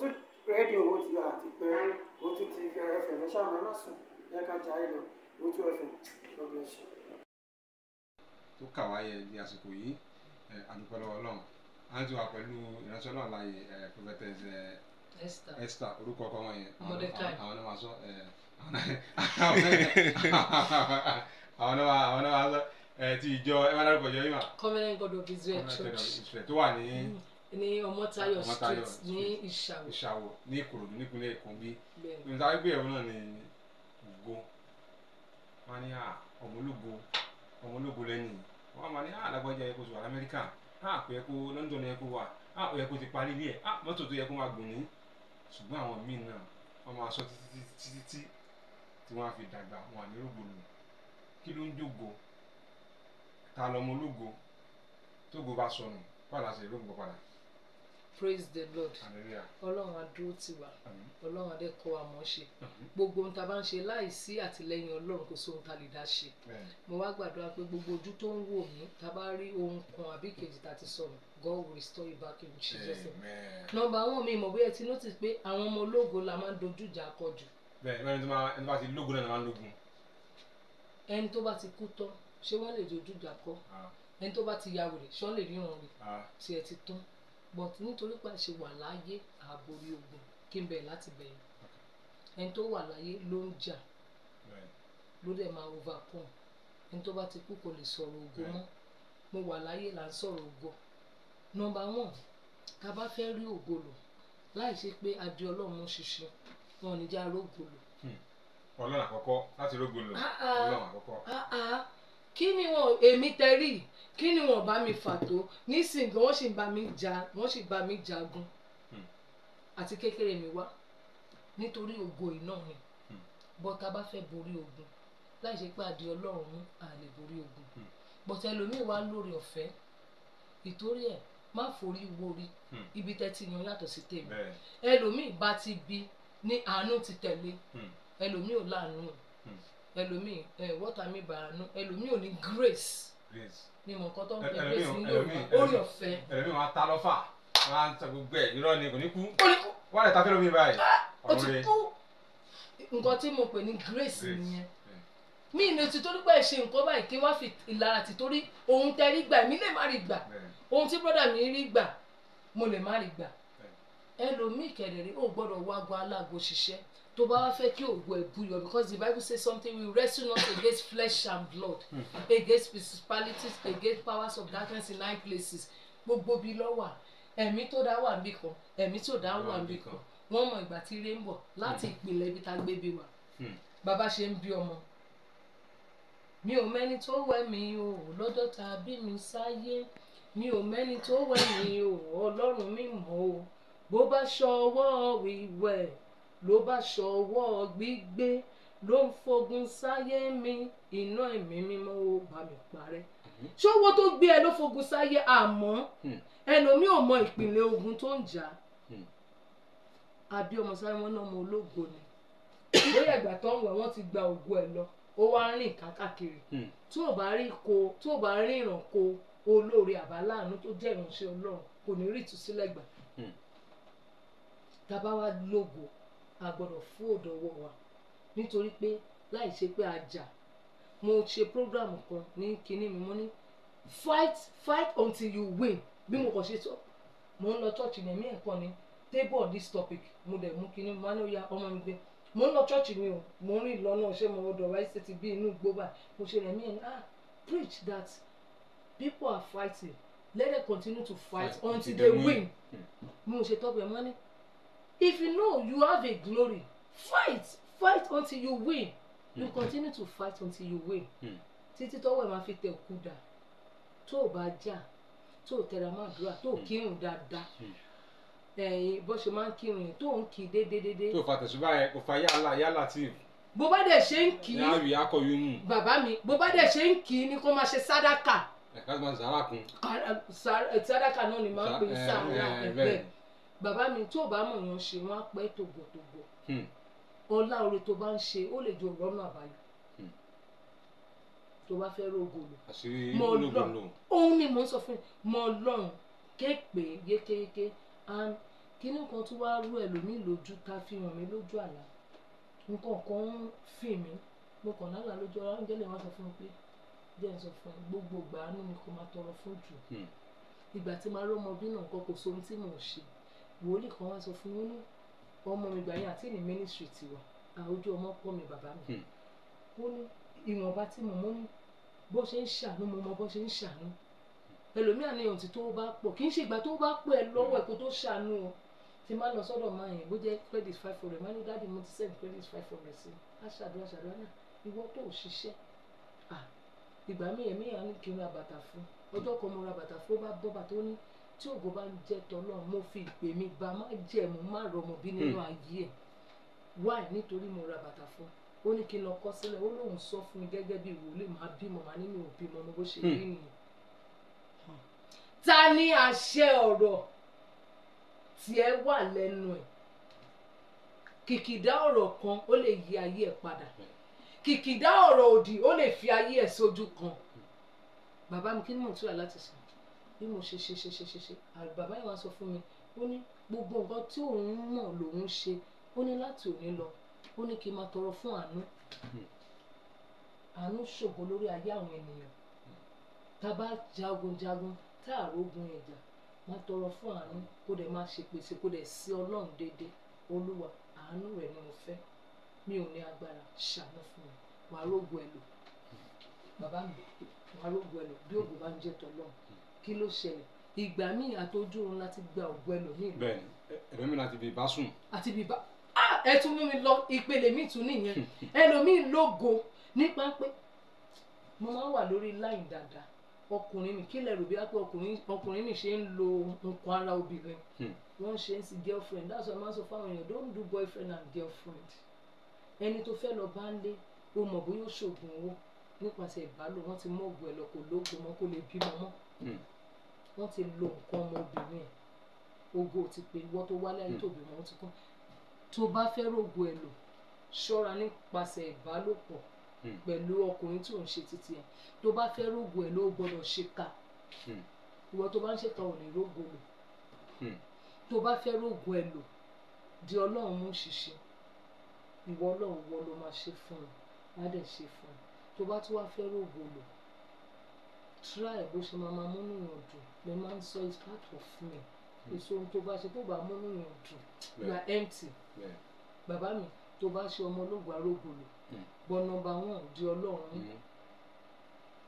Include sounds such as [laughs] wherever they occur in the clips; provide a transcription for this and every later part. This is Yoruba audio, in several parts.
tún rédíò owó ti àti pé o tún ti fm ẹ ṣáà máa sùn ẹ jà ẹ lọ o tún fm lọ́gbọ̀n ṣe. tó kà wáyé di àsìkò yìí àdúpẹ́ lọ́wọ́ ọlọ́run a ti wà pẹ̀lú ìránṣẹ́ ọlọ́run láàyè prophetess Esther orúkọ ọkọ wọn yẹn àwọn náà máa sọ àwọn náà àwọn náà máa sọ ti ìjọ ẹ máa dárúkọ ìjọ yìí mà. Covenant God of Israel Church tó wà ní. Mm ní ọmọtayọ street ní ìṣàwọ ìṣàwọ ní ìkòròdú nípínlẹ̀ èkó bí nítorí pé ẹ̀rọ náà ni ògo wọn ní ọmọlógo ọmọlógo lẹ́nu wọn máa ní alágbájá ẹ̀kọ́ sùn amẹ́ríkà àpò ẹ̀kọ́ london ẹ̀kọ́ wà àpò ẹ̀kọ́ ti parí ilé ẹ̀ mọ́tò tó yẹ kó máa gùn ní ṣùgbọ́n àwọn míì náà wọ́n máa sọ títí títí tí wọ́n á fi dàgbà wọn àmì rògbòlù kí ló ń jògo ta lọmọ ológo tógo bá sọnù pàdásẹ̀ ló ń gbọ́ padà praise the lord ọlọ́run adúró tì wá ọlọ́run adẹ́kọ̀ọ́ wa mọ̀ ṣe gbogbo ohun tá a bá ń ṣe láìsí àtìlẹ́yìn ọlọ́run kò sóhun tá a lè dá ṣe mo wá gbàdúrà pé gbogbo ojú tó ń wò mí tá bá rí ohun kan àbí kejì tá ti sọ̀rọ̀ god will restore you back in jesus name nọ́mbà àwọn mi ìmọ̀ bóyá ti notice pé àwọn ọmọ ológo la máa ń dojú ìjà kọ jù. bẹ́ẹ̀ ẹni tó bá ti lógun náà máa ń lógun. ẹni tó bá ti kú tán ṣé wọ́n lè dojú ìjà kọ ah. ẹni tó bá ti ya wèrè lè ríran rè ah. ṣé ẹ ti tán but nítorí pé a ṣe wà láyé àbórí ogun kí n bẹ̀rẹ̀ láti bẹ̀rẹ̀ ẹni tó wà láyé ló ń jà ló dẹ̀ máa overcome ẹni tó bá ti kú kò lè sọ̀rọ̀ ògo mọ́ mo wà láyé là ń sọ̀rọ̀ ògo nọ́mbà one ká bá fẹ́ rí ògo lò láì ṣe pé adé ọlọ́run ṣiṣẹ́ wọn ò ní já rógo lò. Hmm. ọlọ́run àkọ́kọ́ láti rógo lò ah, ah. ọlọ́run àkọ́kọ́. Ah, kí ni wọn èmi tẹ kí ni wọ́n bá mi fà tó nísìnyí wọ́n sì bá mi jà wọ́n sì bá mi jagun hmm. àti kékeré mi wá nítorí ògo iná ni hmm. bọ́tà bá fẹ́ borí ogun láì ṣe pé àdé ọlọ́run mú à lè borí ogun hmm. bọ́tà ẹlòmíì wá lórí ọ̀fẹ́ ìtorí ẹ̀ má forí wórí ibi tẹ́ ti yan yàtọ̀ sí tèmi ẹlòmíì bá ti bí ní àánú ti tẹ̀lé ẹlòmíì ò láàánú ẹlòmíì ẹ eh, wọ́tà mi bàánú ẹlòmíì ò ní grace mi mọ̀ nǹkan tó ń pè pé sí ilé òun orí ọ̀fẹ́. ẹlẹ́mìí wọn ta lọ́fà wọn á ta gbogbo ẹ̀ irọ́ ni kò ní kú wọn lè ta fẹ́ lómi báyìí ah, ọ̀run rẹ̀. nǹkan tí mo pè ní grace nìyẹn mi ìlú ti torí pé ṣe nǹkan báyìí kí wọ́n fi ìlara ti torí ohun tẹ́ rí gbà mí lè má rí gbà ohun tí brọ́dà mi rí gbà mo lè má rí gbà ẹlòmíì kẹ̀dẹ̀rẹ́ ò gbọ́dọ̀ wá ago aláàgò ṣiṣẹ́ tó bá wá fẹ́ kí ògo ẹ̀ búyọ because the bible says something we wrestle not against flesh and blood hmm. against principalities against powers of darkness in high places gbogbo bí lọ́wà ẹ̀mí tó dá wà níbì kan ẹ̀mí tó dá wà níbì kan wọ́n mọ ìgbà tí ire ń bọ̀ láti hmm. ìpìlẹ̀ ibi tá a gbé bí wa hmm. bàbá ṣe ń bí ọmọ mi ò mẹ́ni tó wẹ̀ mí o lọ́jọ́ tá a bí mi sáyé mi ò mẹ́ni tó wẹ̀ mí o ọlọ́run mi mọ̀ o bó bá ṣọwọ́ wíwẹ̀ ló bá ṣọwọ́ gbígbé ló ń fogun sáyé mi iná ẹ̀mí mímọ́ ó bá mi parẹ́ mhm. ṣé owó tó gbé ẹ ló fogun sáyé àmọ́ hmm. ẹlòmíì ò mọ ìpìlẹ̀ ogun tó ń jà àbí hmm. ọmọ sáré wọn náà mọ ológo ni bóyá ìgbà tó ń wẹ̀ wọ́n ti gba ògo ẹ̀ lọ ó wá ń rìn kákàkiri hmm. tí ò bá rí ko tí ò bá rí ìrànkó olóore àbáláàánú tó jẹ́ ìránṣẹ́ ọlọ́run kò ní rí ìtúsílẹ̀ gbà tàbá wa lógo a gbọ́dọ̀ fún ọ̀dọ̀ ọwọ́ wa nítorí pé láì ṣe pé a jà mo ṣe program kan ní kinní mi mo ní fight fight until you win bí mo kàn ṣe sọ mo ń lọ church ní ẹ̀mí ẹ̀kọ́ ni table this topic mo dẹ̀ mú kinní mo ní ọmọ mi gbé mo ń lọ church ni o mo ń rìn lọ́nà ṣé mo dọ̀ wáyé ṣe ti bí inú igbó mo ṣe rẹ̀ mí ẹ̀ ah preach that people are fighting let them continue to fight until they win hmm. mo ṣe tọ́pẹ̀ mọ́ ní if you know you have a glory fight fight until you win you hmm. continue to fight until you win hmm. títí tọ́wọ́ ẹ̀ máa fi tẹ òkú dà tó o bá jà tó o tẹra máa dúrà tó o hmm. kírun dáadáa ẹ̀yin bó ṣe máa ń kírun yẹn tó o ń kí déédéédéé. tó o fàtẹ̀síwá yẹn kò fa yálà yálà tí bó bá dẹ̀ ṣe ń kì í bàbá mi bó bá dẹ̀ ṣe ń kì í ni kó máa ṣe sádàkà. ẹ̀ka máa sàrà kun. sádàkà náà ni máa ń pè é sàrà ẹ̀bẹ̀ bàbá mi tí ò bá mọ̀ yàn ṣe wọ́n á pẹ́ tògbòtògbò hmm. ọlá oore tó bá ń ṣe ó lè jọ rọ́nà àbáyọ hmm. tó bá fẹ́ rògo lò mọ lọ́run òun ni mò ń sọ fún mọ lọ́run kéèpé yékéyéké and kínní kan tó wá rú ẹ lómi lójú ta fi hàn mí lójú àlá nǹkan kan ń fì mí mo kàn lálà lójú ọ̀rọ̀ áńgẹ́lẹ̀ wá sọ fún mi pé díẹ̀ ń sọ fún ẹ gbogbo ìgbà àánú ni kò máa tọrọ fún jù hmm. ìgbà tí màá rọ́mọ bí náà nǹkan kò sóhun tí mò ń ṣe wòlíì kan wá sọ fún mi ní ọmọ mi gbàyàn àti ní mínísírì tiwa àwùjọ ọmọ pọ̀ mi bàbá mi hmm. ó ní ìwọ̀nba tí mo mú ní bó ṣe ń ṣàánú mo mọ bó ṣe ń ṣàánú ẹlòmíà ní ohun tí tó bá pọ̀ kì í ṣe ìgbà tó bá pọ̀ ẹ lọ́wọ́ ẹ kó tó ṣàánú o ti máa lọ sọ́dọ̀ máa yẹn bó jẹ́ credit five hundred máa ní dáàdi mo ti send credit five hundred sí i aṣàdúrà ṣàdúrà náà ìwọ tó ò ṣiṣẹ́ ìgbà míì ẹ̀mí yà ní kí n ra bàtà fún ọjọ́ kan mo ra bàtà fún ó bá bọ́ bàtà ó ní tí ògo bá ń jẹ́ tọ́lọ́ mo fi ìpè mi bá má jẹ̀mú má rọmọ bí nínú hmm. ayé ẹ̀ why nítorí mo ra bàtà fún ó ní kí n lọ kọ́ sílẹ̀ ó lóun sọ fún mi gẹ́gẹ́ bí ìwòlé máa bímọ máa nínú òbí mọ́ mo bó ṣe rí hmm. nìyẹn. ta ni àṣẹ ọ̀rọ̀ tí ẹ wà lẹ́nu ẹ̀ kìkìdá ọ̀rọ̀ kan ó lè yí ayé ẹ̀ padà hmm. kìkìdá ọ̀rọ̀ òdì ó lè fi ayé ẹ̀ sójú kan bàbá mi kí ni mo tura láti ṣe bí mo ṣe ṣe ṣe ṣe ṣe ṣe bàbá yẹn wá sọ fún mi ó ní gbogbo nǹkan tí òun mọ̀ lòun ṣe ó ní láti òní lọ ó ní kí n máa tọrọ fún àánú hmm. àánú ṣògo lórí ayé àwọn ènìyàn tá a bá jagunjagun tá a rógun ìjà máa tọrọ fún àánú kó dẹ̀ máa ṣe pèsè kó dẹ̀ sí ọlọ́run déédéé olúwa àánú rẹ̀ ni mo fẹ́ mi ò ní agbára ṣàánú fún mi wàá rógun ẹ lò hmm. bàbá mi wàá rógun ẹ lò bí òògùn bá ń jẹ́ tọ́lọ́run hmm kí ló ṣẹlẹ̀ ìgbà míì àtọjú oorun láti gba ògùn ẹlòmíì. bẹ́ẹ̀ ẹlòmíì láti bí ibà sùn. àti bí ibà ẹ tún mú mi lọ ìpele mi tún nìyẹn [laughs] ẹlòmíì lógo nípa pé mo máa ń wà lórí láì dáadáa ọkùnrin mi kí lẹ rò bí wàá pé ọkùnrin mi ṣe ń lo nǹkan ara obìnrin hmm. wọ́n ṣe ń sin girlfriend that's why I'm ma sọ fáwọn èèyàn don't do boyfriend and girlfriend ẹni tó fẹ́ lọ bá ń lé o mọ̀ bóyá ó ṣoògùn owó nípasẹ̀ ìbálò wọ́n ti mú ògùn ẹ̀ lọ kò lóògùn mọ́ kó lè bímọ mọ́ hmm wọ́n ti lo nǹkan ọmọbìnrin ẹ̀ ogo ti pè ìwọ tó wálé ayé tó bímọ ti kún tó bá fẹ́ rògo ẹ̀ lò ṣọ́ra nípasẹ̀ ìbálòpọ̀ hmm. pẹ̀lú ọkùnrin tí ò ń ṣe títí ẹ̀ tó bá fẹ́ rògo ẹ̀ ló gbọ́dọ̀ ṣe ká hmm. ìwọ tó bá ń ṣètò òní rògo lò hmm. tó bá fẹ́ rògo ẹ̀ lò di ọlọ́run mú ṣiṣẹ́ ìwọ ọlọ́run wọ ló máa ṣe fún un má dẹ̀ ṣe fún un tó bá tún wá fẹ́ rògo lò try bó ṣe máa máa múnú yàn dùn mi máa ń sọ it's part of me hmm. èso ohun tó bá ṣe tó bá múnú yàn dùn you are empty bàbá mi tó bá ṣe ọmọ ológun arógbòlò hmm. bọ nọ́mbà wọn di Ọlọ́run yín hmm.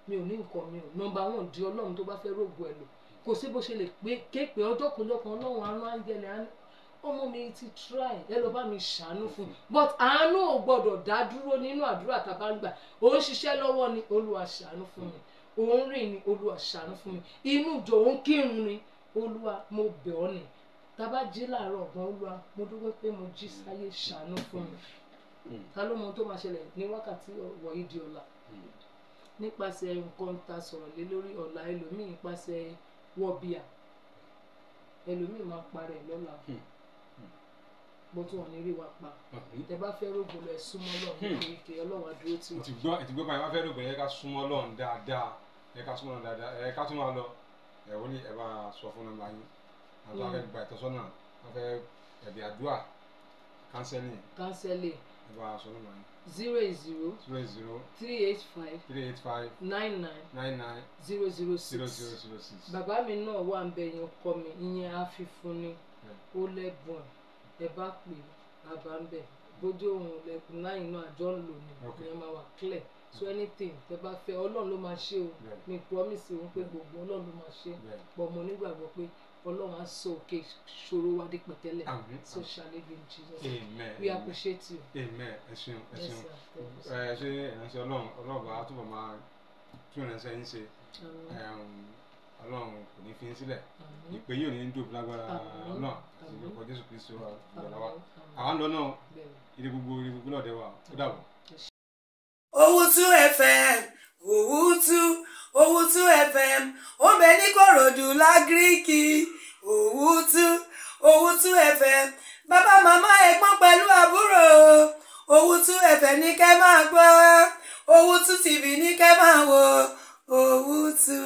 mi ò ní nǹkan mi ò nọ́mbà wọn di Ọlọ́run tó bá fẹ́ rògbò ẹ lò kò sí bó ṣe lè pé kéèpé ọjọ́ kan lọ́kan Ọlọ́run àánú áńgẹ́lẹ̀ àánú ọmọ mi ti try ẹ bá mi ṣàánú fún un but àánú ò gbọ́dọ̀ dá dúró nínú àdúrà tá a bá ń gbà ó ń ṣiṣẹ́ lọ́wọ́ ni Olúwa ṣàánú fún mi. Mm -hmm òun rìn ni olúwa ṣàánú fún mi inú ìjọ òun kírun ni olúwa mo bẹ̀ ọ́ ni tábà jí làárọ̀ gan olúwa mo dúpẹ́ pé mo jí sáyé ṣàánú fún mi hmm. ta ló mọ tó máa ṣẹlẹ̀ ní wákàtí wọ̀nyí di ọ̀la hmm. nípasẹ̀ nǹkan tá sọ̀rọ̀ lé lórí ọ̀la ẹlòmíì nípasẹ̀ wọ́bíà ẹlòmíì máa parẹ́ lọ́la hmm. bó tún wọn ní rí wa pa tẹ bá fẹ́ rògbòlò ẹ̀ súnmọ́ lọ́run kéèké ọlọ́run àdúró tí wọ́n. ti gbọ́ ẹ̀ ti gbọ́ báyìí wọ́n fẹ́ ká súnmọ́ lọ́run dáadáa ẹ ká súnmọ́ dáadáa ẹ ká tún máa lọ ẹ ó ní ẹ bá sọ fún nọ́mbà yín àti wọn fẹ́ gba ìtọ́sọ́nà wọn fẹ́ ẹ̀bí àdúrà kánsẹ́lì. kánsẹ́lì. ẹ bá sọ nọ́mbà yín. zero eight zero. zero eight zero. three eight five. three eight five. nine nine. zero zero six. zero zero zero six. bàbá mi náà wà ń bẹ yẹn ọkọ mi ìyẹn á fi fún ni ó lẹ́bùn ẹ bá pè bàbá ń bẹ bójú òun lẹ́kùn láyìn náà àjọ ń lò ní ìyẹn máa wà clear so anything tẹ bá fẹ́ ọlọ́run ló máa ṣe o mi promise òun pé gbogbo ọlọ́run ló máa ṣe pọ̀ mo nígbàgbọ́ pé ọlọ́run á sọ òkè ṣòro wa dé pẹ̀tẹ́lẹ̀ so ṣàlejò in jesus we appreciate you. amen ẹ ṣeun ẹ ṣeun ẹ ṣe ìránṣẹ́ ọlọ́run ọlọ́run bá túbọ̀ máa tún ìránṣẹ́ yín ṣe ọlọ́run kò ní fi ń sílẹ̀ ìpè yìí ò ní dùn lágbára ọlọ́run àti ìjọba jésù kristu ọlọ́wà àwọn lọ́nà ìdí gbogbo ìdí gbogbo náà dẹ́wà ó dàbọ̀. Owutu FM Owutu Owutu FM ó bẹ níkòròdú Owutu Owutu FM bàbá mama ẹ̀gbọ́n pẹ̀lú aburo, Owutu FM ní kẹ́ máa gbọ́ Owutu TV ní kẹ́ máa wò Owutu.